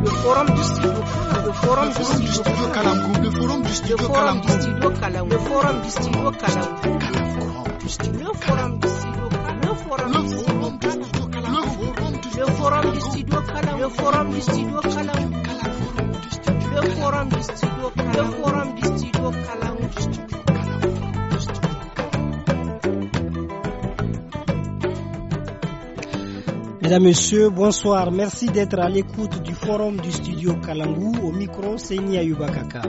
le forum du studio le forum du studio Kalamkou le forum du studio Kalamkou le forum du studio Kalamkou le forum du studio le forum du studio le forum du studio le forum du studio le forum du studio le forum du studio Mesdames, Messieurs, bonsoir. Merci d'être à l'écoute du forum du studio Kalangu au micro yubaka Ayubakaka.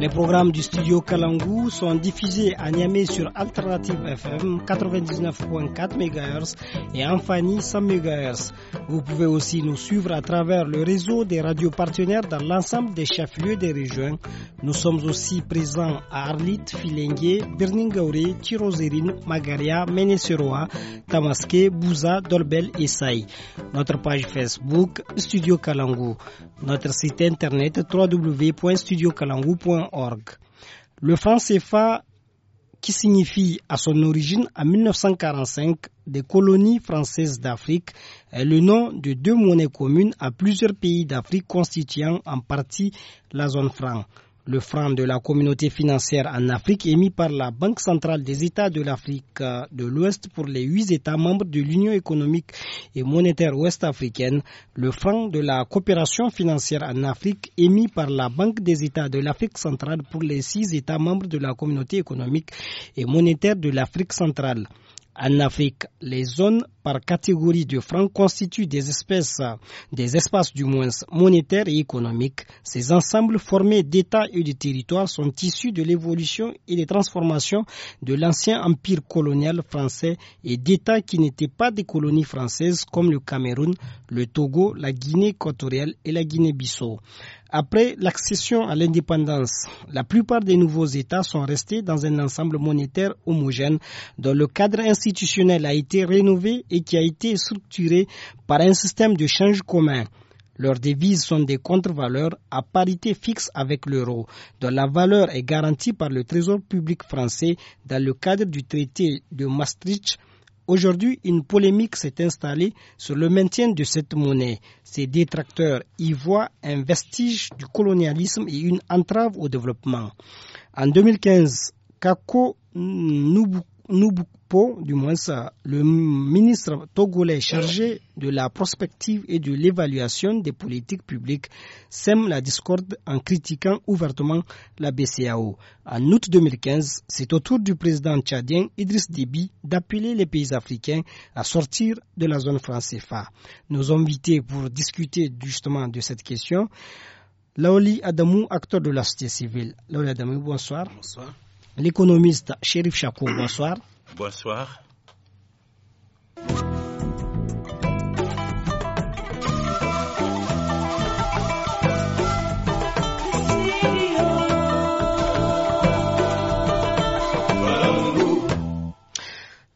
Les programmes du studio Kalangu sont diffusés à Niamey sur Alternative FM 99.4 MHz et en 100 MHz. Vous pouvez aussi nous suivre à travers le réseau des radios partenaires dans l'ensemble des chefs-lieux des régions. Nous sommes aussi présents à Arlit, Filengue, Birningaure, Tirozerine, Magaria, Meneseroa, Tamaské, Bouza, Dolbel et Saï. Notre page Facebook Studio Kalangu. Notre site internet www.studiokalangu.org le franc CFA, qui signifie à son origine en 1945 des colonies françaises d'Afrique, est le nom de deux monnaies communes à plusieurs pays d'Afrique constituant en partie la zone franc. Le franc de la communauté financière en Afrique émis par la Banque centrale des États de l'Afrique de l'Ouest pour les huit États membres de l'Union économique et monétaire ouest-africaine, le franc de la coopération financière en Afrique émis par la Banque des États de l'Afrique centrale pour les six États membres de la communauté économique et monétaire de l'Afrique centrale. En Afrique, les zones par catégorie de francs constituent des espèces, des espaces du moins monétaires et économiques. Ces ensembles formés d'États et de territoires sont issus de l'évolution et des transformations de l'ancien empire colonial français et d'États qui n'étaient pas des colonies françaises comme le Cameroun, le Togo, la Guinée équatoriale et la Guinée-Bissau. Après l'accession à l'indépendance, la plupart des nouveaux États sont restés dans un ensemble monétaire homogène dont le cadre institutionnel a été rénové et qui a été structuré par un système de change commun. Leurs devises sont des contre-valeurs à parité fixe avec l'euro, dont la valeur est garantie par le Trésor public français dans le cadre du traité de Maastricht Aujourd'hui, une polémique s'est installée sur le maintien de cette monnaie. Ses détracteurs y voient un vestige du colonialisme et une entrave au développement. En 2015, Kako du moins ça, le ministre togolais chargé de la prospective et de l'évaluation des politiques publiques sème la discorde en critiquant ouvertement la BCAO. En août 2015, c'est au tour du président tchadien Idriss Déby d'appeler les pays africains à sortir de la zone franc CFA. Nos invités pour discuter justement de cette question, Laoli Adamou, acteur de la société civile. Laoli Adamou, bonsoir. L'économiste Sherif Chakou, bonsoir. Bonsoir.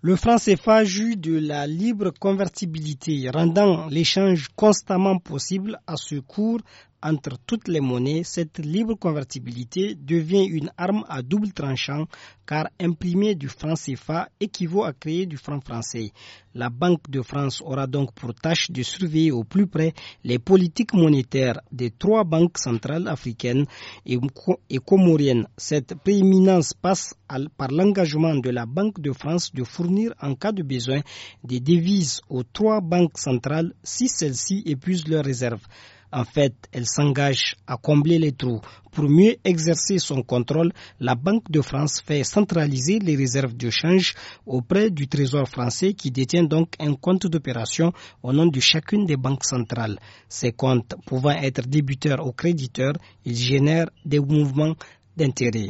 Le franc CFA joue de la libre convertibilité, rendant l'échange constamment possible à ce cours entre toutes les monnaies, cette libre convertibilité devient une arme à double tranchant car imprimer du franc CFA équivaut à créer du franc français. La Banque de France aura donc pour tâche de surveiller au plus près les politiques monétaires des trois banques centrales africaines et, comoriennes. Cette prééminence passe par l'engagement de la Banque de France de fournir en cas de besoin des devises aux trois banques centrales si celles-ci épuisent leurs réserves. En fait, elle s'engage à combler les trous. Pour mieux exercer son contrôle, la Banque de France fait centraliser les réserves de change auprès du Trésor français qui détient donc un compte d'opération au nom de chacune des banques centrales. Ces comptes pouvant être débuteurs ou créditeurs, ils génèrent des mouvements d'intérêt.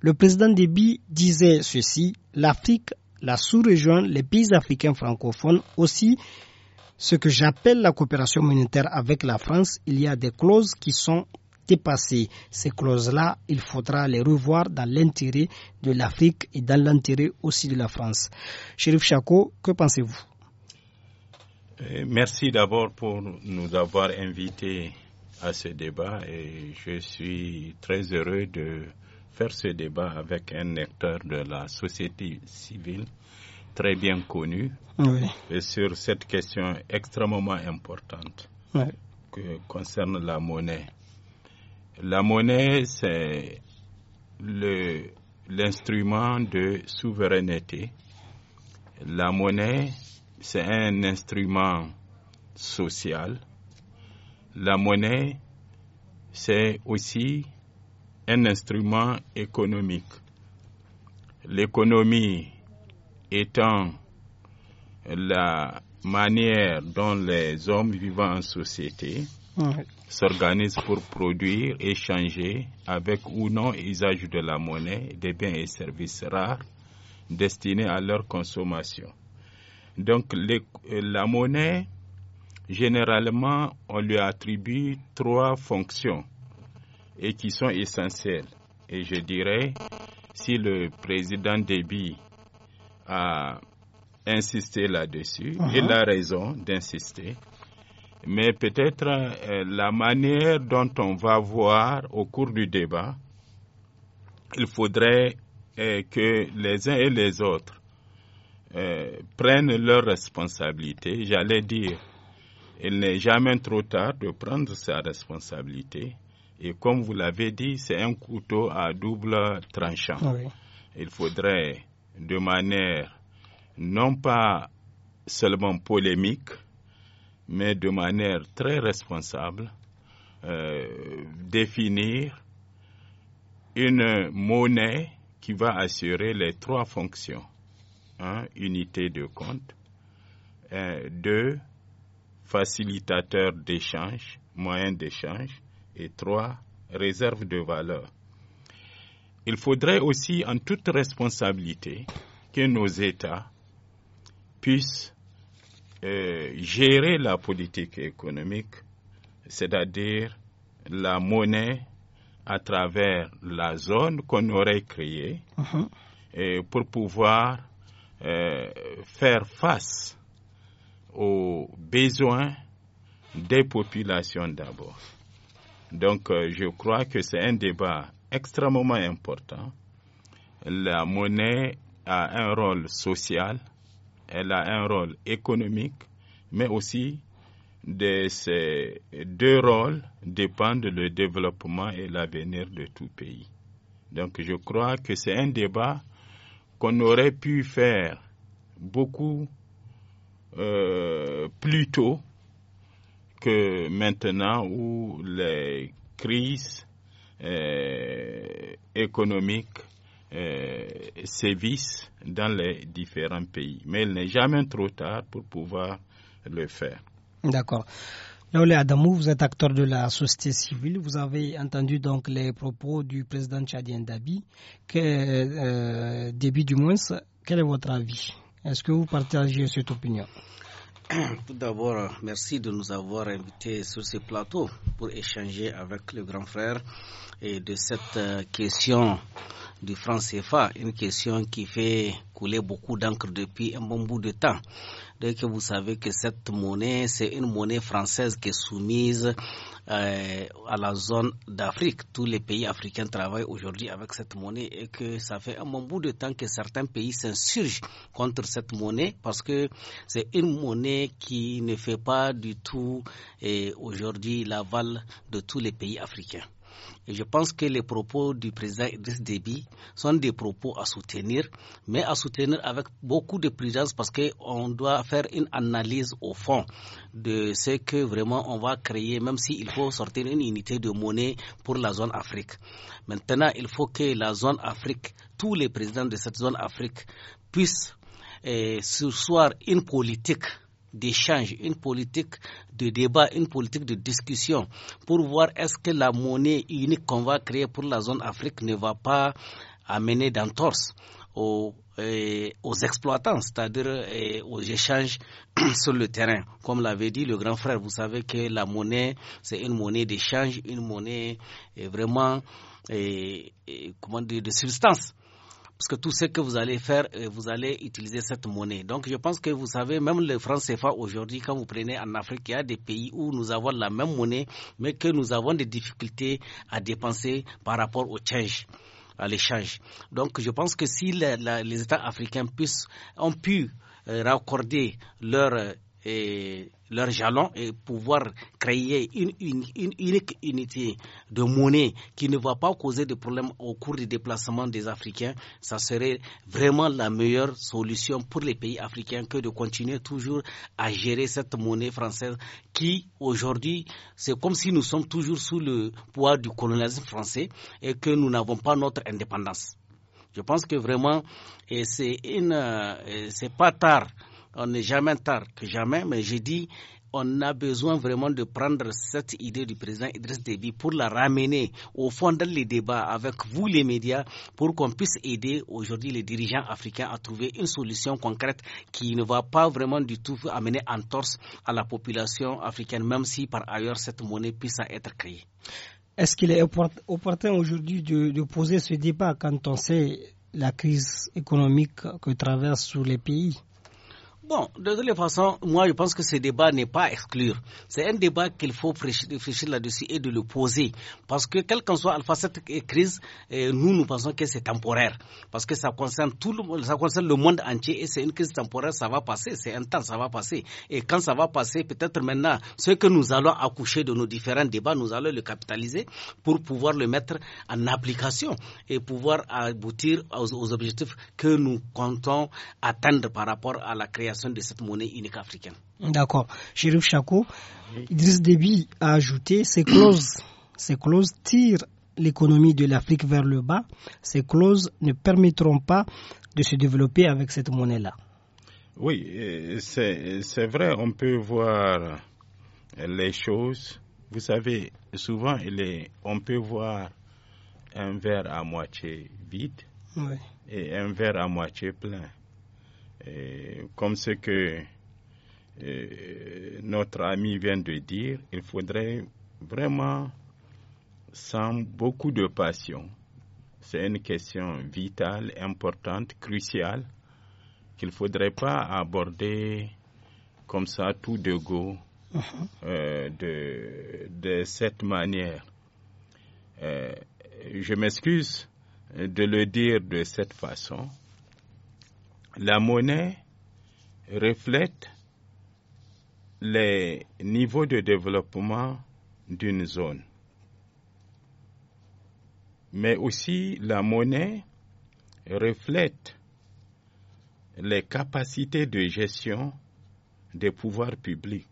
Le président Déby disait ceci, l'Afrique, la sous-région, les pays africains francophones aussi ce que j'appelle la coopération monétaire avec la France, il y a des clauses qui sont dépassées. Ces clauses-là, il faudra les revoir dans l'intérêt de l'Afrique et dans l'intérêt aussi de la France. Chérif Chako, que pensez-vous euh, Merci d'abord pour nous avoir invités à ce débat et je suis très heureux de faire ce débat avec un acteur de la société civile très bien connu et sur cette question extrêmement importante que concerne la monnaie. La monnaie, c'est l'instrument de souveraineté. La monnaie, c'est un instrument social. La monnaie, c'est aussi un instrument économique. L'économie étant la manière dont les hommes vivant en société s'organisent pour produire, échanger avec ou non usage de la monnaie des biens et services rares destinés à leur consommation. Donc la monnaie, généralement, on lui attribue trois fonctions et qui sont essentielles. Et je dirais, si le président débit a insisté là-dessus. Uh-huh. Il a raison d'insister. Mais peut-être euh, la manière dont on va voir au cours du débat, il faudrait euh, que les uns et les autres euh, prennent leurs responsabilités. J'allais dire, il n'est jamais trop tard de prendre sa responsabilité. Et comme vous l'avez dit, c'est un couteau à double tranchant. Ah il faudrait de manière non pas seulement polémique, mais de manière très responsable, euh, définir une monnaie qui va assurer les trois fonctions. Un, unité de compte. deux, facilitateur d'échange, moyen d'échange. Et trois, réserve de valeur. Il faudrait aussi, en toute responsabilité, que nos États puissent euh, gérer la politique économique, c'est-à-dire la monnaie à travers la zone qu'on aurait créée uh-huh. pour pouvoir euh, faire face aux besoins des populations d'abord. Donc euh, je crois que c'est un débat extrêmement important. La monnaie a un rôle social, elle a un rôle économique, mais aussi de ces deux rôles dépendent le développement et l'avenir de tout pays. Donc je crois que c'est un débat qu'on aurait pu faire beaucoup euh, plus tôt que maintenant où les crises euh, économiques euh, service dans les différents pays. Mais il n'est jamais trop tard pour pouvoir le faire. D'accord. Laoulé Adamou, vous êtes acteur de la société civile. Vous avez entendu donc les propos du président tchadien Dabi. Euh, début du mois, quel est votre avis Est-ce que vous partagez cette opinion Tout d'abord, merci de nous avoir invités sur ce plateau pour échanger avec le grand frère et de cette euh, question du franc CFA, une question qui fait couler beaucoup d'encre depuis un bon bout de temps dès que vous savez que cette monnaie, c'est une monnaie française qui est soumise euh, à la zone d'Afrique. Tous les pays africains travaillent aujourd'hui avec cette monnaie et que ça fait un bon bout de temps que certains pays s'insurgent contre cette monnaie parce que c'est une monnaie qui ne fait pas du tout aujourd'hui l'aval de tous les pays africains je pense que les propos du président Idriss Déby sont des propos à soutenir, mais à soutenir avec beaucoup de prudence parce qu'on doit faire une analyse au fond de ce que vraiment on va créer, même s'il faut sortir une unité de monnaie pour la zone Afrique. Maintenant, il faut que la zone Afrique, tous les présidents de cette zone Afrique puissent eh, se soir une politique d'échange, une politique de débat, une politique de discussion pour voir est-ce que la monnaie unique qu'on va créer pour la zone Afrique ne va pas amener d'entorse aux, euh, aux exploitants, c'est-à-dire euh, aux échanges sur le terrain. Comme l'avait dit le grand frère, vous savez que la monnaie, c'est une monnaie d'échange, une monnaie euh, vraiment de substance parce que tout ce que vous allez faire, euh, vous allez utiliser cette monnaie. Donc je pense que vous savez, même le franc CFA aujourd'hui, quand vous prenez en Afrique, il y a des pays où nous avons la même monnaie, mais que nous avons des difficultés à dépenser par rapport au change à l'échange. Donc je pense que si les États africains ont pu euh, raccorder leur euh, leur jalon et pouvoir créer une, une, une, unique unité de monnaie qui ne va pas causer de problèmes au cours du déplacement des Africains, ça serait vraiment la meilleure solution pour les pays africains que de continuer toujours à gérer cette monnaie française qui aujourd'hui, c'est comme si nous sommes toujours sous le poids du colonialisme français et que nous n'avons pas notre indépendance. Je pense que vraiment, et c'est euh, pas tard on n'est jamais tard que jamais, mais je dis on a besoin vraiment de prendre cette idée du président Idriss Déby pour la ramener au fond dans les débats avec vous les médias pour qu'on puisse aider aujourd'hui les dirigeants africains à trouver une solution concrète qui ne va pas vraiment du tout amener en torse à la population africaine même si par ailleurs cette monnaie puisse être créée. Est-ce qu'il est opportun aujourd'hui de, de poser ce débat quand on sait la crise économique que traversent tous les pays Bon, de toute façon, moi je pense que ce débat n'est pas à exclure. C'est un débat qu'il faut réfléchir là-dessus et de le poser. Parce que quelle qu'en soit cette crise, euh, nous, nous pensons que c'est temporaire. Parce que ça concerne tout le, ça concerne le monde entier et c'est une crise temporaire, ça va passer, c'est un temps, ça va passer. Et quand ça va passer, peut-être maintenant, ce que nous allons accoucher de nos différents débats, nous allons le capitaliser pour pouvoir le mettre en application et pouvoir aboutir aux objectifs que nous comptons atteindre par rapport à la création de cette monnaie unique africaine. D'accord. Chérif Chako, Idriss Déby a ajouté ces clauses. ces clauses tirent l'économie de l'Afrique vers le bas. Ces clauses ne permettront pas de se développer avec cette monnaie-là. Oui, c'est vrai, on peut voir les choses. Vous savez, souvent, on peut voir un verre à moitié vide et un verre à moitié plein comme ce que euh, notre ami vient de dire, il faudrait vraiment, sans beaucoup de passion, c'est une question vitale, importante, cruciale, qu'il ne faudrait pas aborder comme ça tout de go uh-huh. euh, de, de, cette manière. Euh, je m'excuse de le dire de cette façon, la monnaie reflète les niveaux de développement d'une zone. Mais aussi la monnaie reflète les capacités de gestion des pouvoirs publics.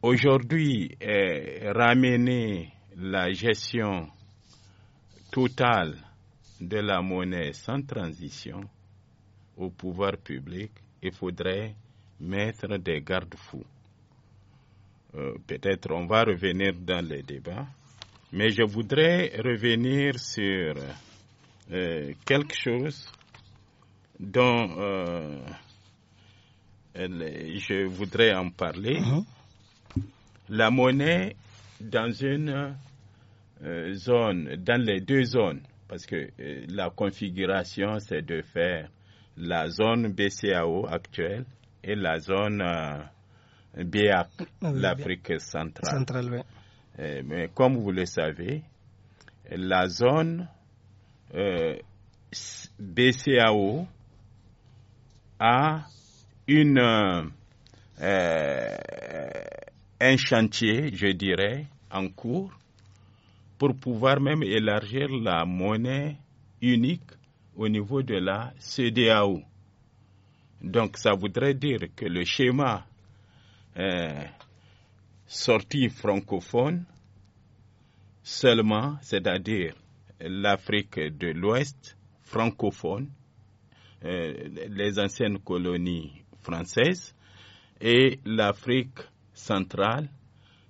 Aujourd'hui, ramener la gestion totale de la monnaie sans transition au pouvoir public, il faudrait mettre des garde-fous. Euh, peut-être on va revenir dans les débats, mais je voudrais revenir sur euh, quelque chose dont euh, je voudrais en parler. Hein? La monnaie dans une zone, dans les deux zones, parce que euh, la configuration, c'est de faire la zone BCAO actuelle et la zone euh, BEAC, ah l'Afrique centrale. Euh, mais comme vous le savez, la zone euh, BCAO a une, un chantier, je dirais, en cours pour pouvoir même élargir la monnaie unique au niveau de la CDAO. Donc ça voudrait dire que le schéma euh, sorti francophone seulement, c'est-à-dire l'Afrique de l'Ouest francophone, euh, les anciennes colonies françaises et l'Afrique centrale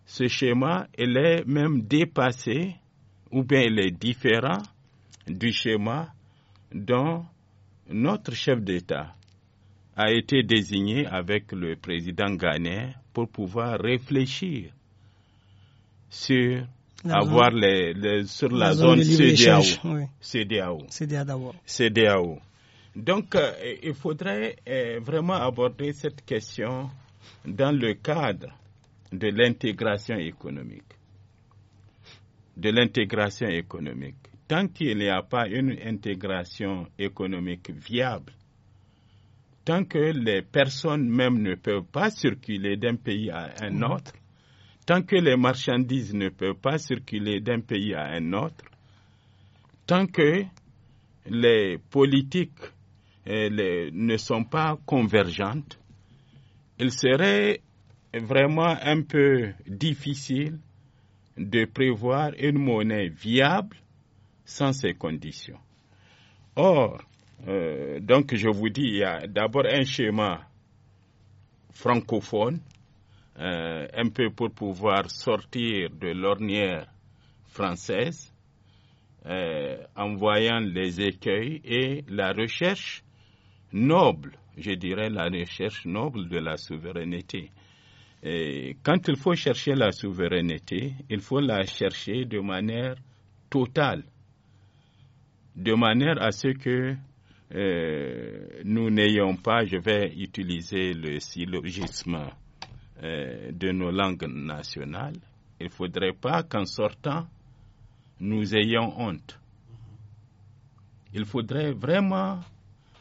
ce schéma, il est même dépassé ou bien il est différent du schéma dont notre chef d'État a été désigné avec le président ghanéen pour pouvoir réfléchir sur la avoir zone, les, sur la, zone, CDAO, Donc, euh, il faudrait euh, vraiment aborder cette question dans le cadre de l'intégration économique. De l'intégration économique. Tant qu'il n'y a pas une intégration économique viable, tant que les personnes même ne peuvent pas circuler d'un pays à un mhm. autre, tant que les marchandises ne peuvent pas circuler d'un pays à un autre, tant que les politiques eh, ne sont pas convergentes, il serait vraiment un peu difficile de prévoir une monnaie viable sans ces conditions. Or, euh, donc je vous dis, il y a d'abord un schéma francophone, euh, un peu pour pouvoir sortir de l'ornière française euh, en voyant les écueils et la recherche noble, je dirais la recherche noble de la souveraineté quand il faut chercher la souveraineté, il faut la chercher de manière totale, de manière à ce que euh, nous n'ayons pas, je vais utiliser le syllogisme euh, de nos langues nationales, il ne faudrait pas qu'en sortant, nous ayons honte. Il faudrait vraiment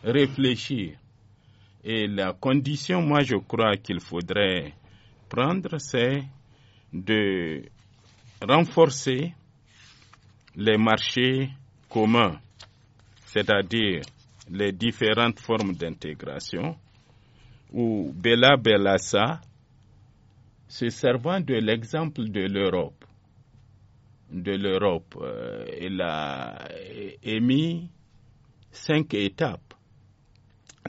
réfléchir. Et la condition, moi je crois qu'il faudrait prendre, c'est de renforcer les marchés communs, c'est-à-dire les différentes formes d'intégration, où Bella Belassa se servant de l'exemple de l'Europe, de l'Europe, euh, elle il a émis cinq étapes.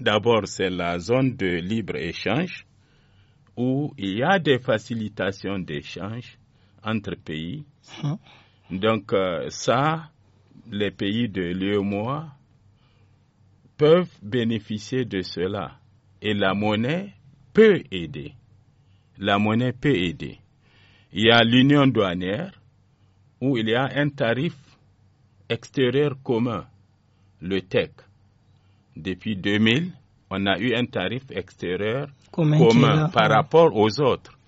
D'abord, c'est la zone de libre-échange, où il y a des facilitations d'échange entre pays. Hein? Donc euh, ça, les pays de l'UEMOA peuvent bénéficier de cela. Et la monnaie peut aider. La monnaie peut aider. Il y a l'union douanière où il y a un tarif extérieur commun, le TEC. Depuis 2000, on a eu un tarif extérieur commun, par rapport aux autres.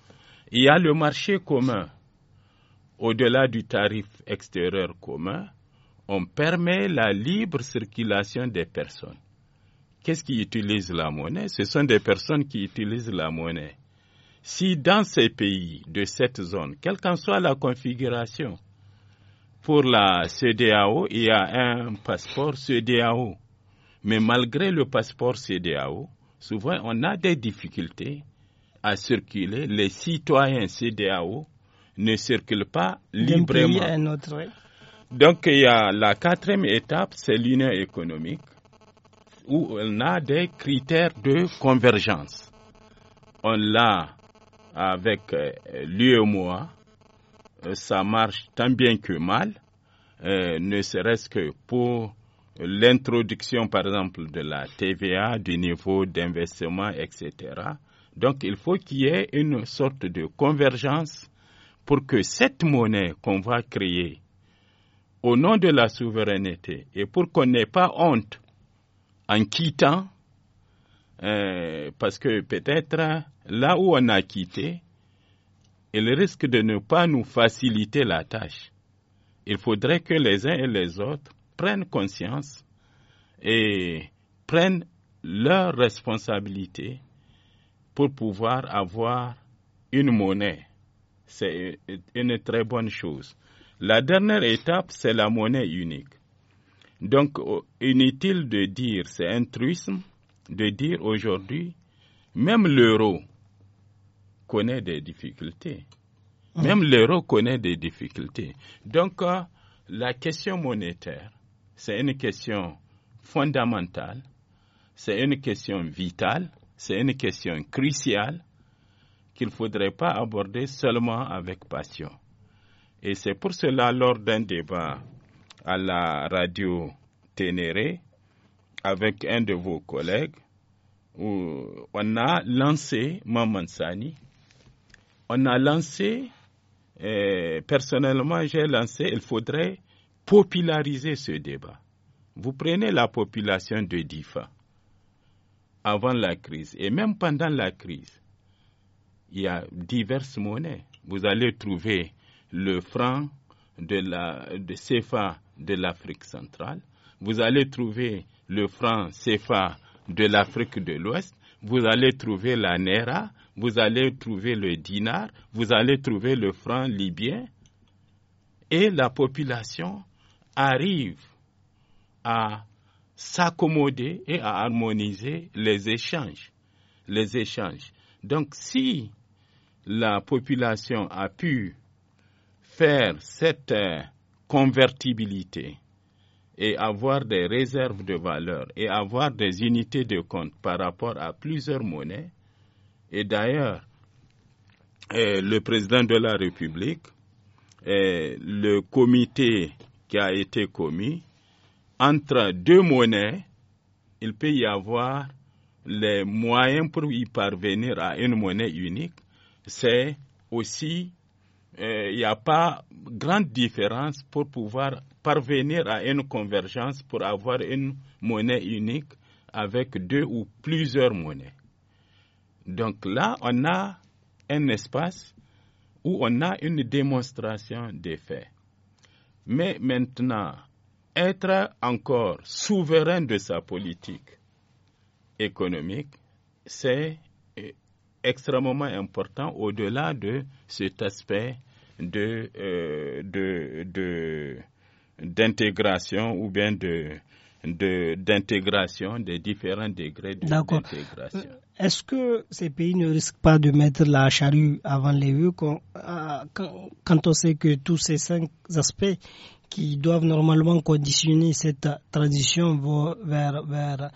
Il y a le marché commun. Au-delà du tarif extérieur commun, on permet la libre circulation des personnes. Qu'est-ce qui utilise la monnaie Ce sont des personnes qui utilisent la monnaie. Si dans ces pays de cette zone, quelle qu'en soit la configuration, pour la CDAO, il y a un passeport CDAO mais malgré le passeport CDAO, souvent on a des difficultés à circuler. Les citoyens CDAO ne circulent pas librement. Donc il y a la quatrième étape, c'est l'union économique, où on a des critères de convergence. On l'a avec euh, l'UEMOA, euh, ça marche tant bien que mal, euh, ne serait-ce que pour l'introduction, par exemple, de la TVA, du niveau d'investissement, etc. Donc, il faut qu'il y ait une sorte de convergence pour que cette monnaie qu'on va créer au nom de la souveraineté et pour qu'on n'ait pas honte en quittant, euh, parce que peut-être là où on a quitté, il risque de ne pas nous faciliter la tâche. Il faudrait que les uns et les autres prennent conscience et prennent leurs responsabilités pour pouvoir avoir une monnaie. C'est une très bonne chose. La dernière étape, c'est la monnaie unique. Donc, inutile de dire, c'est un truisme de dire aujourd'hui, même l'euro connaît des difficultés. Mm. Même l'euro connaît des difficultés. Donc, euh, la question monétaire c'est une question fondamentale, c'est une question vitale, c'est une question cruciale qu'il ne faudrait pas aborder seulement avec passion. Et c'est pour cela, lors d'un débat à la radio Ténéré, avec un de vos collègues, où on a lancé Mamansani, on a lancé, euh, personnellement j'ai lancé, il faudrait populariser ce débat. Vous prenez la population de DIFA avant la crise et même pendant la crise. Il y a diverses monnaies. Vous allez trouver le franc de la de CFA de l'Afrique centrale. Vous allez trouver le franc CFA de l'Afrique de l'Ouest. Vous allez trouver la Nera. Vous allez trouver le dinar. Vous allez trouver le franc libyen. Et la population arrive à s'accommoder et à harmoniser les échanges. Les échanges. Donc si la population a pu faire cette euh, convertibilité et avoir des réserves de valeur et avoir des unités de compte par rapport à plusieurs monnaies, et d'ailleurs, euh, le président de la République, euh, le comité qui a été commis entre deux monnaies, il peut y avoir les moyens pour y parvenir à une monnaie unique. C'est aussi, il euh, n'y a pas grande différence pour pouvoir parvenir à une convergence pour avoir une monnaie unique avec deux ou plusieurs monnaies. Donc là, on a un espace où on a une démonstration des faits mais maintenant être encore souverain de sa politique économique, c'est extrêmement important au-delà de cet aspect de, euh, d'intégration ou bien d'intégration des différents degrés d'intégration. Euh, est-ce que ces pays ne risquent pas de mettre la charrue avant les vœux euh, quand on sait que tous ces cinq aspects qui doivent normalement conditionner cette transition vers, vers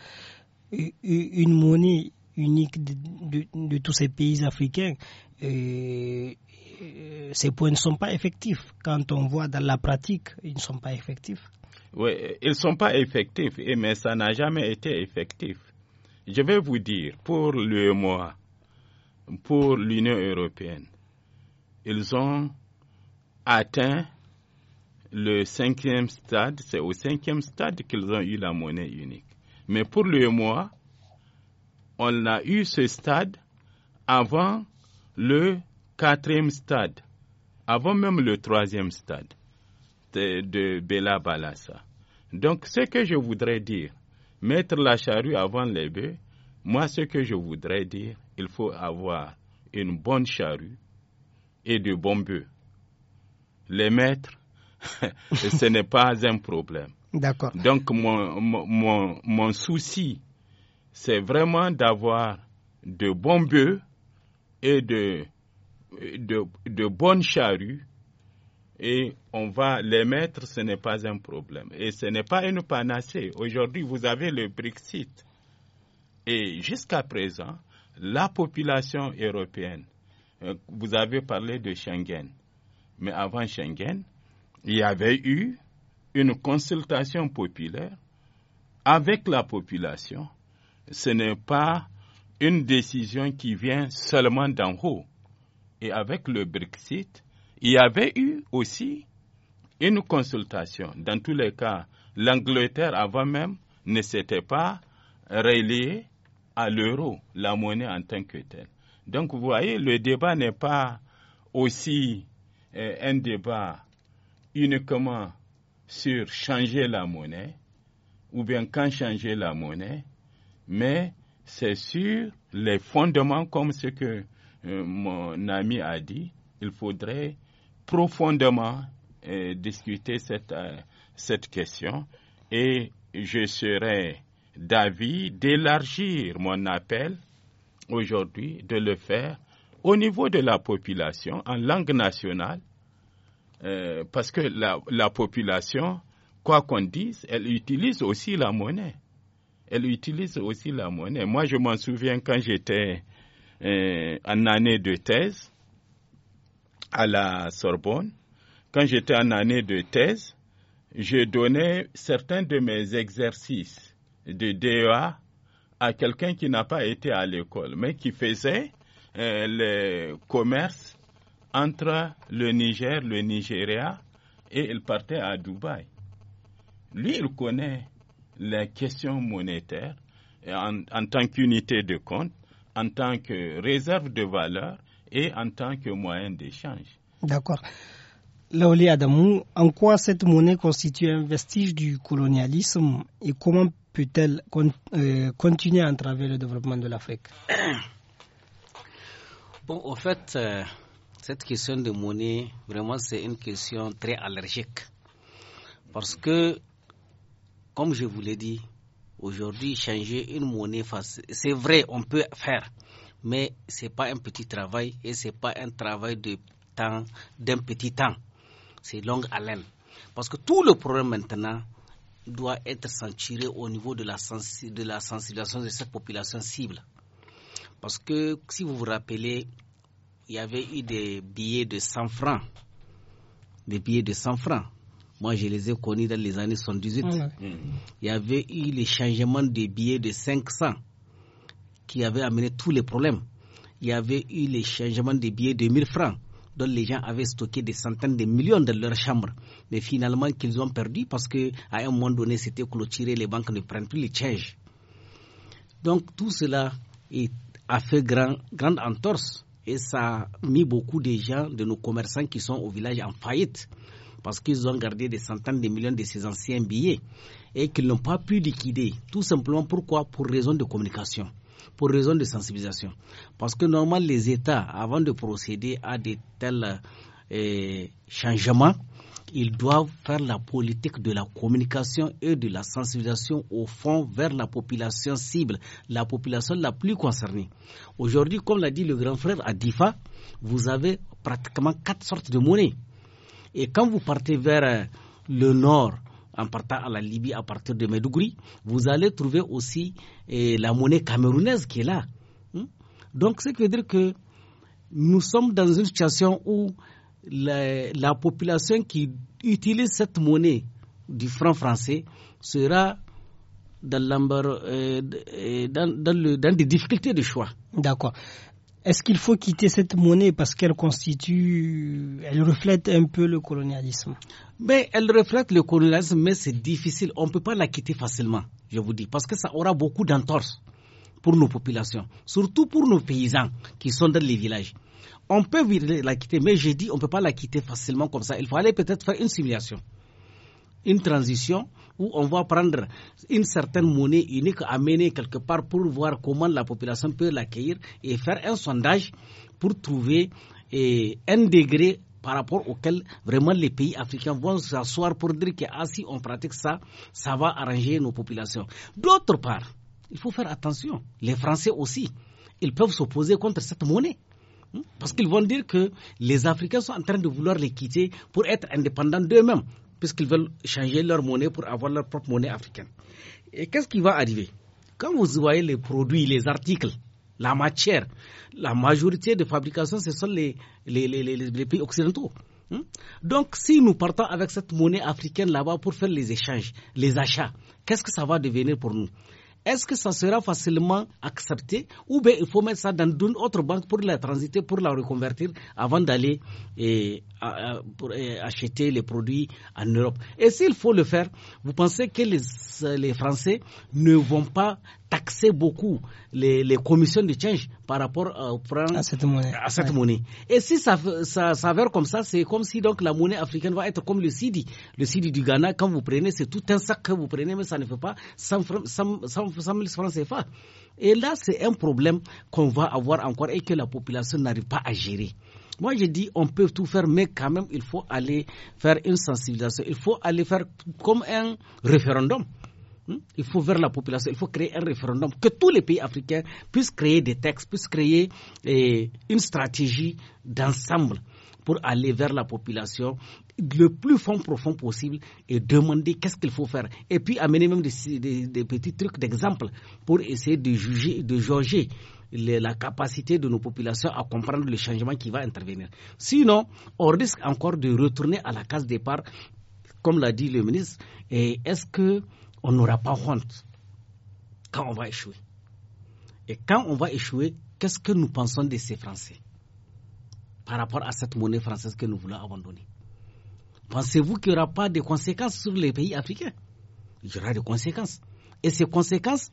une monnaie unique de, tous ces pays africains, euh, euh, ces points ne sont pas effectifs. Quand on voit dans la pratique, ils ne sont pas effectifs. Oui, ils ne sont pas effectifs, mais ça n'a jamais été effectif. Je vais vous dire, pour le mois, pour l'Union européenne, ils ont atteint le cinquième stade, c'est au cinquième stade qu'ils ont eu la monnaie unique. Mais pour le mois, on a eu ce stade avant le quatrième stade, avant même le troisième stade de, de Bela Balassa. Donc ce que je voudrais dire, mettre la charrue avant les bœufs, moi ce que je voudrais dire, il faut avoir une bonne charrue et de bons bœufs. Les mettre, ce n'est pas un problème. D'accord. Donc mon, souci, c'est vraiment d'avoir de bons bœufs et de, de bonnes charrues et on va les mettre, ce n'est pas un problème. Et ce n'est pas une panacée. Aujourd'hui, vous avez le Brexit. Et jusqu'à présent, la population européenne, euh, vous avez parlé de Schengen. Mais avant Schengen, il y avait eu une consultation populaire avec la population. Ce n'est pas une décision qui vient seulement d'en haut. Et avec le Brexit, il y avait eu aussi une consultation. Dans tous les cas, l'Angleterre avant même ne s'était pas reliée à l'euro, la monnaie en tant que telle. Donc vous voyez, le débat n'est pas aussi euh, un débat uniquement sur changer la monnaie ou bien quand changer la monnaie, mais c'est sur les fondements comme ce que euh, mon ami a dit, il faudrait profondément euh, discuter cette, euh, cette question et je serais d'avis d'élargir mon appel aujourd'hui, de le faire au niveau de la population en langue nationale, euh, parce que la, population, quoi qu'on dise, elle utilise aussi la monnaie. Elle utilise aussi la monnaie. Moi, je m'en souviens quand j'étais en année de thèse, à la Sorbonne, quand j'étais en année de thèse, je donnais certains de mes exercices de DEA à quelqu'un qui n'a pas été à l'école, mais qui faisait euh, le commerce entre le Niger, le Nigeria, et il partait à Dubaï. Lui, il connaît les questions monétaires en, en tant qu'unité de compte, en tant que réserve de valeur, et en tant que moyen d'échange. D'accord. Laoli Adamou, en quoi cette monnaie constitue un vestige du colonialisme et comment peut-elle euh, continuer à entraver le développement de l'Afrique Bon, en fait, euh, cette question de monnaie, vraiment, c'est une question très allergique. Parce que, comme je vous l'ai dit, aujourd'hui, changer une monnaie, c'est vrai, on peut faire mais ce n'est pas un petit travail et ce n'est pas un travail de temps, d'un petit temps. C'est longue haleine. Parce que tout le problème maintenant doit être centré au niveau de la, de sensibilisation de cette population cible. Parce que si vous vous rappelez, il y avait eu des billets de 100 francs. Des billets de 100 francs. Moi, je les ai connus dans les années 78. Ah mmh. Il y avait eu les changements des billets de 500 qui avait amené tous les problèmes. Il y avait eu les changements des billets de 1000 francs dont les gens avaient stocké des centaines de millions dans leurs chambres, mais finalement qu'ils ont perdu parce que à un moment donné c'était clôturé, les banques ne prennent plus les changes. Donc tout cela a fait grande entorse et ça a mis beaucoup de gens, de nos commerçants qui sont au village en faillite parce qu'ils ont gardé des centaines de millions de ces anciens billets et qu'ils n'ont pas pu liquider, tout simplement pourquoi Pour raison de communication pour raison de sensibilisation. Parce que normalement, les États, avant de procéder à de tels euh, changements, ils doivent faire la politique de la communication et de la sensibilisation au fond vers la population cible, la population la plus concernée. Aujourd'hui, comme l'a dit le grand frère Adifa, vous avez pratiquement quatre sortes de monnaies. Et quand vous partez vers euh, le nord, en partant à la Libye à partir de Medougri, vous allez trouver aussi eh, la monnaie camerounaise qui est là. Hmm? Donc, ce qui veut dire que nous sommes dans une situation où la, population qui utilise cette monnaie du franc français sera dans, euh, euh, dans, dans, des difficultés de choix. D'accord. Est-ce qu'il faut quitter cette monnaie parce qu'elle constitue, elle reflète un peu le colonialisme mais Elle reflète le colonialisme, mais c'est difficile. On ne peut pas la quitter facilement, je vous dis, parce que ça aura beaucoup d'entorses pour nos populations, surtout pour nos paysans qui sont dans les villages. On peut la quitter, mais je dis on ne peut pas la quitter facilement comme ça. Il fallait peut-être faire une simulation une transition où on va prendre une certaine monnaie unique à quelque part pour voir comment la population peut l'accueillir et faire un sondage pour trouver eh, un degré par rapport auquel vraiment les pays africains vont s'asseoir pour dire que ah, si on pratique ça, ça va arranger nos populations. D'autre part, il faut faire attention. Les Français aussi, ils peuvent s'opposer contre cette monnaie. Hein, parce qu'ils vont dire que les Africains sont en train de vouloir les quitter pour être indépendants d'eux-mêmes qu'ils veulent changer leur monnaie pour avoir leur propre monnaie africaine. Et qu'est-ce qui va arriver Quand vous voyez les produits, les articles, la matière, la majorité de fabrications, ce sont les, les pays occidentaux. Hein? Donc, si nous partons avec cette monnaie africaine là-bas pour faire les échanges, les achats, qu'est-ce que ça va devenir pour nous est-ce que ça sera facilement accepté ou bien il faut mettre ça dans une autre banque pour la transiter, pour la reconvertir avant d'aller eh, eh, acheter les produits en Europe Et s'il faut le faire, vous pensez que les, Français ne vont pas taxer beaucoup les, commissions de change par rapport à, cette, monnaie. À cette monnaie. Et si ça, ça s'avère comme ça, c'est comme si donc la monnaie africaine va être comme le CIDI. Le CIDI du Ghana, quand vous prenez, c'est tout un sac que vous prenez, mais ça ne fait pas sans 100, et là, c'est un problème qu'on va avoir encore et que la population n'arrive pas à gérer. Moi, je dis, on peut tout faire, mais quand même, il faut aller faire une sensibilisation. Il faut aller faire comme un référendum. Hmm? Il faut vers la population, il faut créer un référendum, que tous les pays africains puissent créer des textes, puissent créer eh, une stratégie d'ensemble pour aller vers la population le plus fond profond possible et demander qu'est-ce qu'il faut faire. Et puis amener même des, petits trucs d'exemple pour essayer de juger, de jauger la capacité de nos populations à comprendre le changement qui va intervenir. Sinon, on risque encore de retourner à la case départ, comme l'a dit le ministre, et est-ce qu'on n'aura pas honte quand on va échouer Et quand on va échouer, qu'est-ce que nous pensons de ces Français par rapport à cette monnaie française que nous voulons abandonner pensez-vous qu'il n'y aura pas de conséquences sur les pays africains Il y aura des conséquences. Et ces conséquences,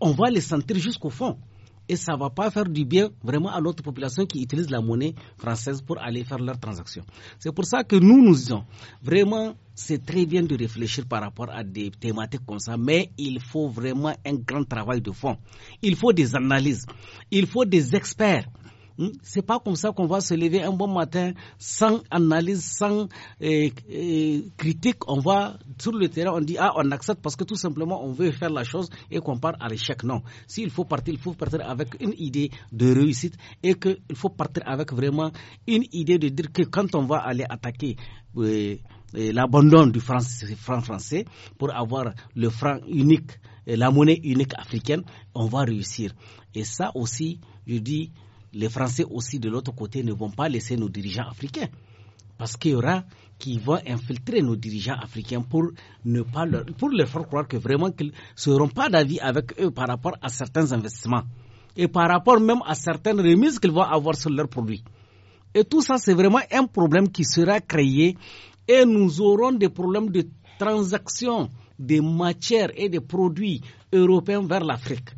on va les sentir jusqu'au fond. Et ça ne va pas faire du bien vraiment à notre population qui utilise la monnaie française pour aller faire leurs transactions. C'est pour ça que nous nous disons, vraiment, c'est très bien de réfléchir par rapport à des thématiques comme ça, mais il faut vraiment un grand travail de fond. Il faut des analyses, il faut des experts Hmm? C'est pas comme ça qu'on va se lever un bon matin sans analyse, sans euh, euh, critique. On va sur le terrain, on dit ah on accepte parce que tout simplement on veut faire la chose et qu'on part à l'échec. Non, s'il faut partir, il faut partir avec une idée de réussite et qu'il faut partir avec vraiment une idée de dire que quand on va aller attaquer euh, l'abandon du franc français pour avoir le franc unique, la monnaie unique africaine, on va réussir. Et ça aussi, je dis, les Français aussi de l'autre côté ne vont pas laisser nos dirigeants africains. Parce qu'il y aura qui vont infiltrer nos dirigeants africains pour ne pas pour faire croire que vraiment qu'ils ne seront pas d'avis avec eux par rapport à certains investissements et par rapport même à certaines remises qu'ils vont avoir sur leurs produits. Et tout ça, c'est vraiment un problème qui sera créé et nous aurons des problèmes de transaction des matières et des produits européens vers l'Afrique.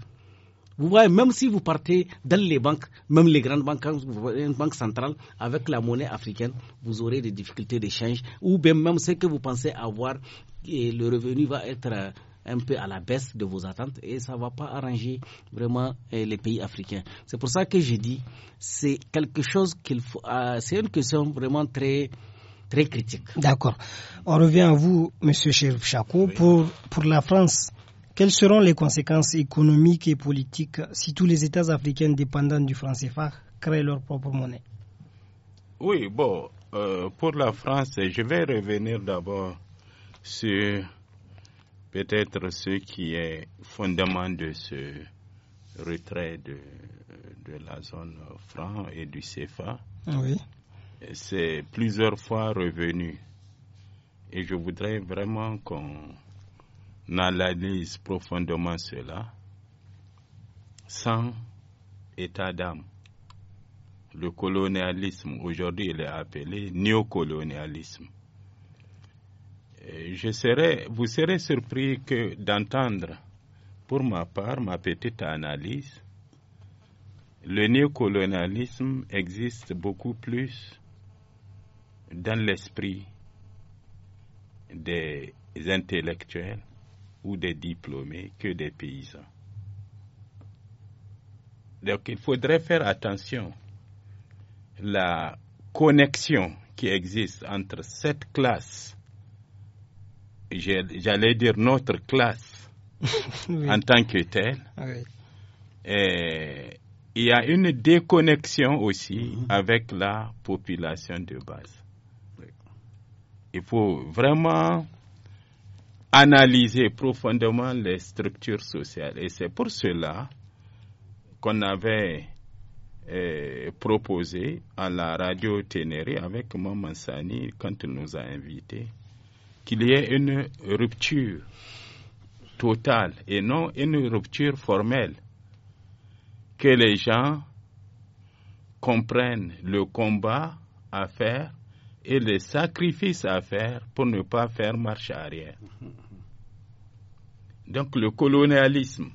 Vous voyez, même si vous partez dans les banques, même les grandes banques, quand vous une banque centrale, avec la monnaie africaine, vous aurez des difficultés d'échange, ou bien même ce que vous pensez avoir, le revenu va être euh, un peu à la baisse de vos attentes et ça ne va pas arranger vraiment euh, les pays africains. C'est pour ça que je dis, c'est quelque chose qu'il faut, euh, c'est une question vraiment très, très critique. D'accord. On revient à vous, Monsieur Cherif Chakou. Pour, pour la France, quelles seront les conséquences économiques et politiques si tous les États africains dépendants du franc CFA créent leur propre monnaie Oui, bon, euh, pour la France, je vais revenir d'abord sur peut-être ce qui est fondamental de ce retrait de, de la zone franc et du CFA. Oui. C'est plusieurs fois revenu. Et je voudrais vraiment qu'on n'analyse profondément cela, sans état d'âme, le colonialisme, aujourd'hui il est appelé néocolonialisme. je vous serez surpris que d'entendre, pour ma part, ma petite analyse, le néocolonialisme existe beaucoup plus dans l'esprit des intellectuels ou des diplômés que des paysans. Donc il faudrait faire attention. La connexion qui existe entre cette classe, j'allais dire notre classe en tant que telle, et eh, il y a une déconnexion aussi mm-hmm. avec la population de base. Il faut vraiment analyser profondément les structures sociales. Et c'est pour cela qu'on avait eh, proposé à la radio Ténéré avec Maman Sani, quand il nous a invités, qu'il y ait une rupture totale et non une rupture formelle. Que les gens comprennent le combat à faire et les sacrifices à faire pour ne pas faire marche arrière. Donc le colonialisme,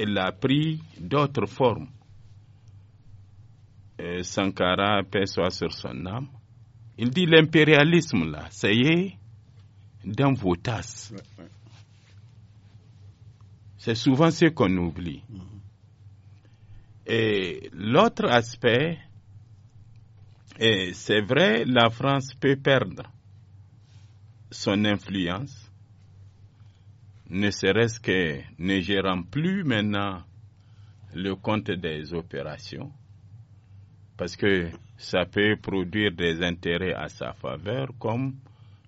il a pris d'autres formes. Euh, Sankara, paix sur son âme, il dit l'impérialisme, là, ça y est, dans vos tasses. C'est souvent ce qu'on oublie. Mm-hmm. Et l'autre aspect, et c'est vrai, la France peut perdre son influence, ne serait-ce que ne gérant plus maintenant le compte des opérations, parce que ça peut produire des intérêts à sa faveur comme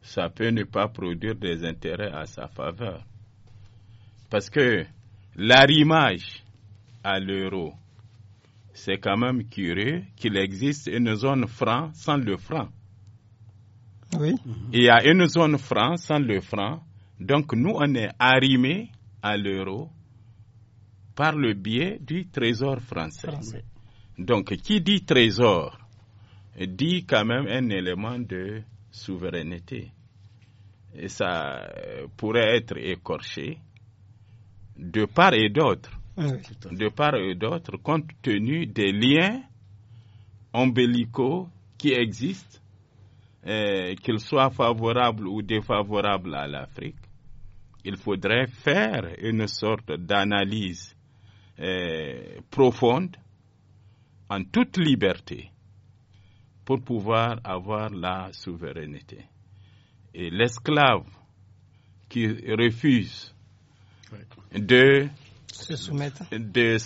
ça peut ne pas produire des intérêts à sa faveur. Parce que l'arrimage à l'euro c'est quand même curieux qu'il existe une zone franc sans le franc. Oui. Il y a une zone franc sans le franc. Donc nous, on est arrimé à l'euro par le biais du trésor français. Donc qui dit trésor dit quand même un élément de souveraineté. Et ça euh, pourrait être écorché de part et d'autre. Ah de part et d'autre, compte tenu des liens ombilicaux qui existent, euh, qu'ils soient favorables ou défavorables à l'Afrique. Il faudrait faire une sorte d'analyse euh, profonde, en toute liberté, pour pouvoir avoir la souveraineté. Et l'esclave qui refuse de de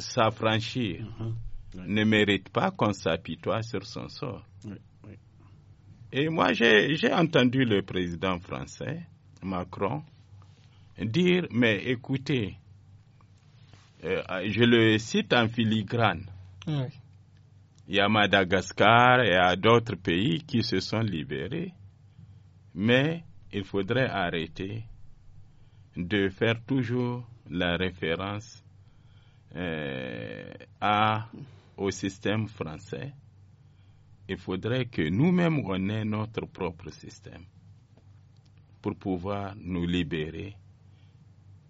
s'affranchir, mhm. ne mérite pas qu'on s'apitoie sur son sort. Et moi, j'ai entendu le président français, Macron, dire, mais écoutez, euh, je le cite en filigrane, il y a Madagascar et d'autres pays qui se sont libérés, mais il faudrait arrêter de faire toujours la référence euh, à, au système français, il faudrait que nous-mêmes, on ait notre propre système pour pouvoir nous libérer,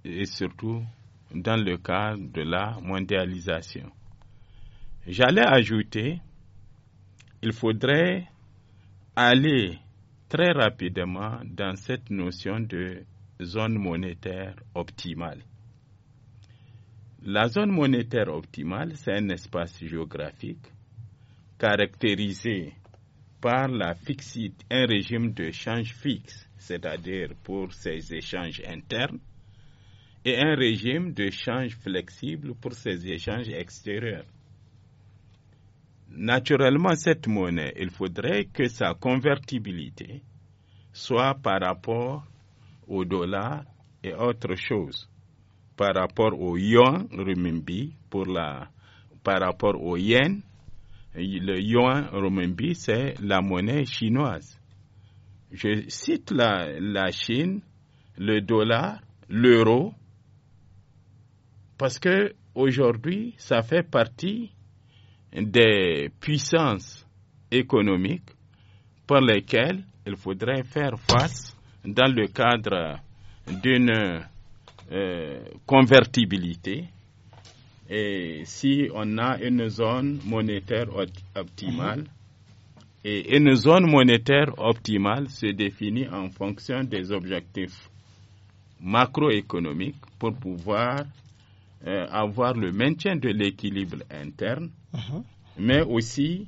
et surtout dans le cadre de la mondialisation. J'allais ajouter, il faudrait aller très rapidement dans cette notion de zone monétaire optimale. La zone monétaire optimale, c'est un espace géographique caractérisé par un régime de change fixe, c'est-à-dire pour ses échanges internes, et un régime de change flexible pour ses échanges extérieurs. Naturellement, cette monnaie, il faudrait que sa convertibilité soit par rapport au dollar et autre chose par rapport au yuan pour la par rapport au yen le yuan c'est la monnaie chinoise je cite la, la Chine le dollar l'euro parce que aujourd'hui ça fait partie des puissances économiques par lesquelles il faudrait faire face dans le cadre d'une euh, convertibilité. Et si on a une zone monétaire optimale, mhm. et une zone monétaire optimale se définit en fonction des objectifs macroéconomiques pour pouvoir euh, avoir le maintien de l'équilibre interne, mhm. mais aussi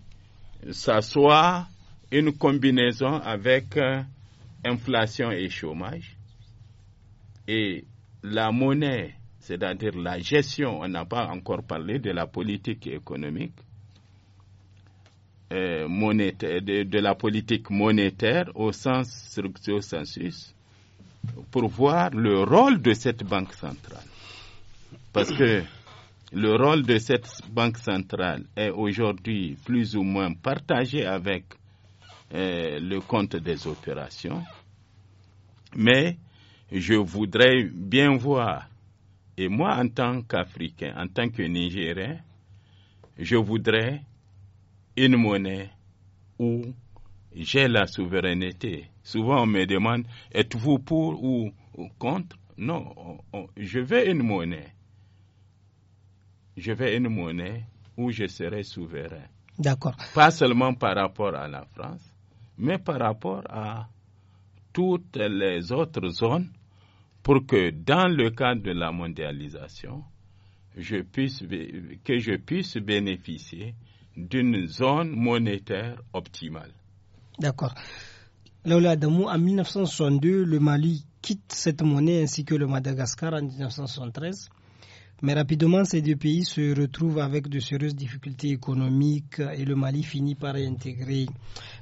ça soit une combinaison avec euh, inflation et chômage. Et la monnaie, c'est-à-dire la gestion, on n'a pas encore parlé de la politique économique, euh, monétaire, de, la politique monétaire au sens structure sensus, pour voir le rôle de cette banque centrale. Parce que le rôle de cette banque centrale est aujourd'hui plus ou moins partagé avec euh, le compte des opérations, mais je voudrais bien voir. Et moi, en tant qu'Africain, en tant que Nigérien, je voudrais une monnaie où j'ai la souveraineté. Souvent, on me demande, êtes-vous pour ou, contre Non, je veux une monnaie. Je veux une monnaie où je serai souverain. D'accord. Pas seulement par rapport à la France, mais par rapport à toutes les autres zones pour que dans le cadre de la mondialisation, je puisse, que je puisse bénéficier d'une zone monétaire optimale. D'accord. Lola Adamou, en 1962, le Mali quitte cette monnaie ainsi que le Madagascar en 1973. Mais rapidement, ces deux pays se retrouvent avec de sérieuses difficultés économiques et le Mali finit par réintégrer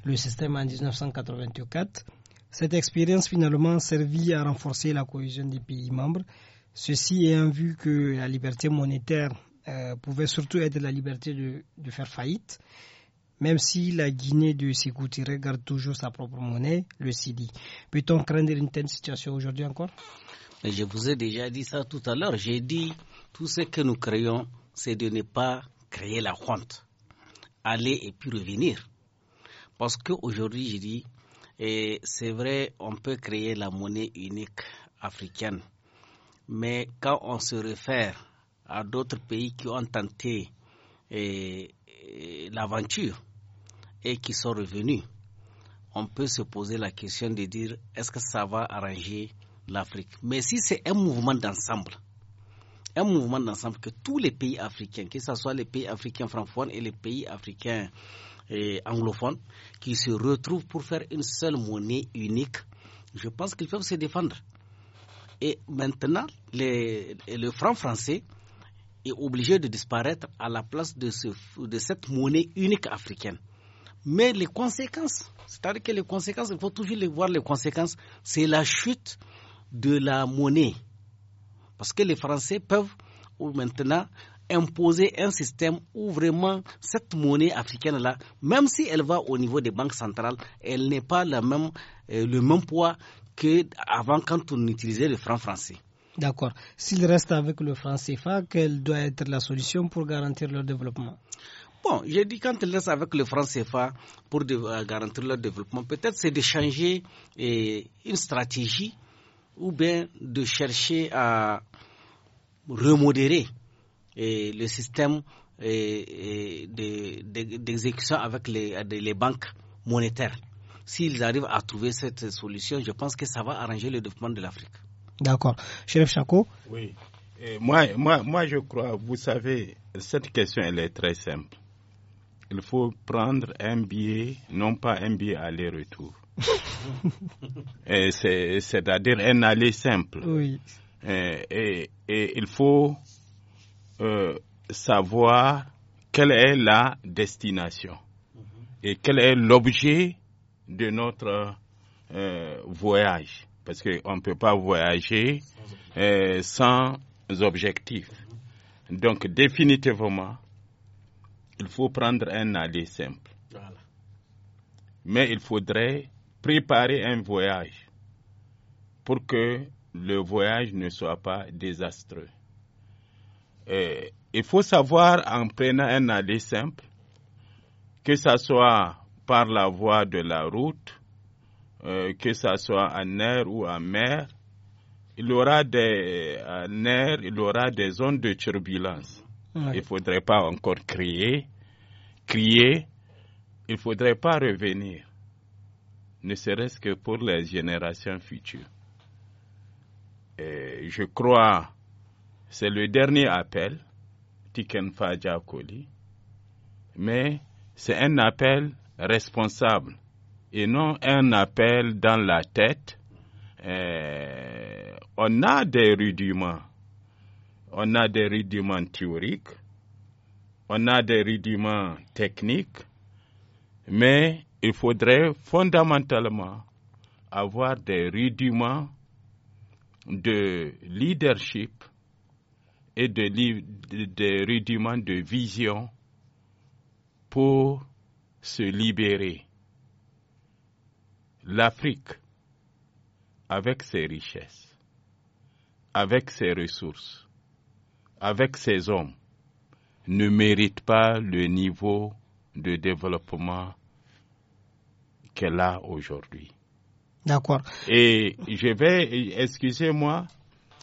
le système en 1984. Cette expérience finalement servit à renforcer la cohésion des pays membres, ceci ayant vu que la liberté monétaire euh, pouvait surtout être la liberté de, faire faillite, même si la Guinée de ségou garde toujours sa propre monnaie, le CDI. Peut-on craindre une telle situation aujourd'hui encore Je vous ai déjà dit ça tout à l'heure. J'ai dit tout ce que nous créons, c'est de ne pas créer la honte, aller et puis revenir. Parce qu'aujourd'hui, je dis, et c'est vrai, on peut créer la monnaie unique africaine. Mais quand on se réfère à d'autres pays qui ont tenté eh, eh, l'aventure et qui sont revenus, on peut se poser la question de dire est-ce que ça va arranger l'Afrique Mais si c'est un mouvement d'ensemble, un mouvement d'ensemble que tous les pays africains, que ce soit les pays africains francophones et les pays africains et anglophones qui se retrouvent pour faire une seule monnaie unique, je pense qu'ils peuvent se défendre. Et maintenant, le franc français est obligé de disparaître à la place de, de cette monnaie unique africaine. Mais les conséquences, c'est-à-dire que les conséquences, il faut toujours les voir les conséquences, c'est la chute de la monnaie. Parce que les Français peuvent maintenant imposer un système où vraiment cette monnaie africaine-là, même si elle va au niveau des banques centrales, elle n'est pas la même, euh, le même poids qu'avant quand on utilisait le franc français. D'accord. S'il reste avec le franc CFA, quelle doit être la solution pour garantir leur développement Bon, j'ai dit quand ils restent avec le franc CFA pour euh, garantir leur développement, peut-être c'est de changer euh, une stratégie ou bien de chercher à remodérer et le système d'exécution avec les, les, banques monétaires. S'ils arrivent à trouver cette solution, je pense que ça va arranger le développement de l'Afrique. D'accord. Chérif Chako Oui. moi, moi, moi, je crois, vous savez, cette question, elle est très simple. Il faut prendre un billet, non pas un billet aller-retour. C'est-à-dire un aller simple. Oui. et il faut euh, savoir quelle est la destination mhm. et quel est l'objet de notre euh, voyage. Parce qu'on ne peut pas voyager sans objectif. Euh, mhm. Donc définitivement, il faut prendre un aller simple. Mais il faudrait préparer un voyage pour que le voyage ne soit pas désastreux. Eh, il faut savoir, en prenant un aller simple, que ce soit par la voie de la route, euh, que ce soit en air ou en mer, il aura des en il aura des zones de turbulence. Il ne faudrait pas encore crier, crier, il ne faudrait pas revenir, ne serait-ce que pour les générations futures. je crois c'est le dernier appel, Tiken Fajakoli, mais c'est un appel responsable et non un appel dans la tête. Euh, on a des rudiments. On a des rudiments théoriques, on a des rudiments techniques, mais il faudrait fondamentalement avoir des rudiments de leadership et des des rudiments de vision pour se libérer. L'Afrique, avec ses richesses, avec ses ressources, avec ses hommes, ne mérite pas le niveau de développement qu'elle a aujourd'hui. D'accord. Et je vais, excusez-moi,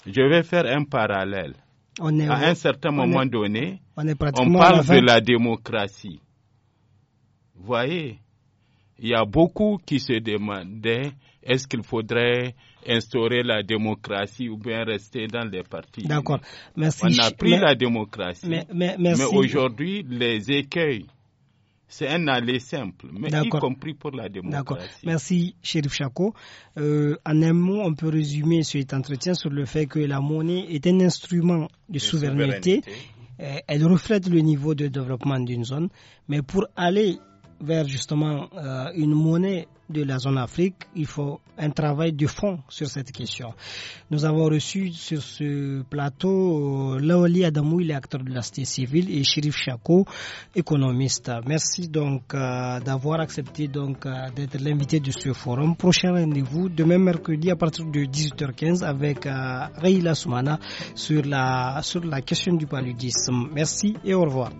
je vais faire un parallèle à un certain moment donné, on, parle de la démocratie. Vous voyez, il y a beaucoup qui se demandaient est-ce qu'il faudrait instaurer la démocratie ou bien rester dans les partis. On a pris la démocratie. mais aujourd'hui, les écueils c'est un aller simple, mais y compris pour la démocratie. D'accord. Merci, Chérif Chako. Euh, en un mot, on peut résumer cet entretien sur le fait que la monnaie est un instrument de, souveraineté. souveraineté. Euh, elle reflète le niveau de développement d'une zone, mais pour aller vers justement euh, une monnaie de la zone Afrique, il faut un travail de fond sur cette question. Nous avons reçu sur ce plateau euh, Laoli Adamou, il est acteur de la société civile, et Shirif Chako, économiste. Merci donc euh, d'avoir accepté donc d'être l'invité de ce forum. Prochain rendez-vous demain mercredi à partir de 18h15 avec Rayla Soumana sur la question du paludisme. Merci et au revoir.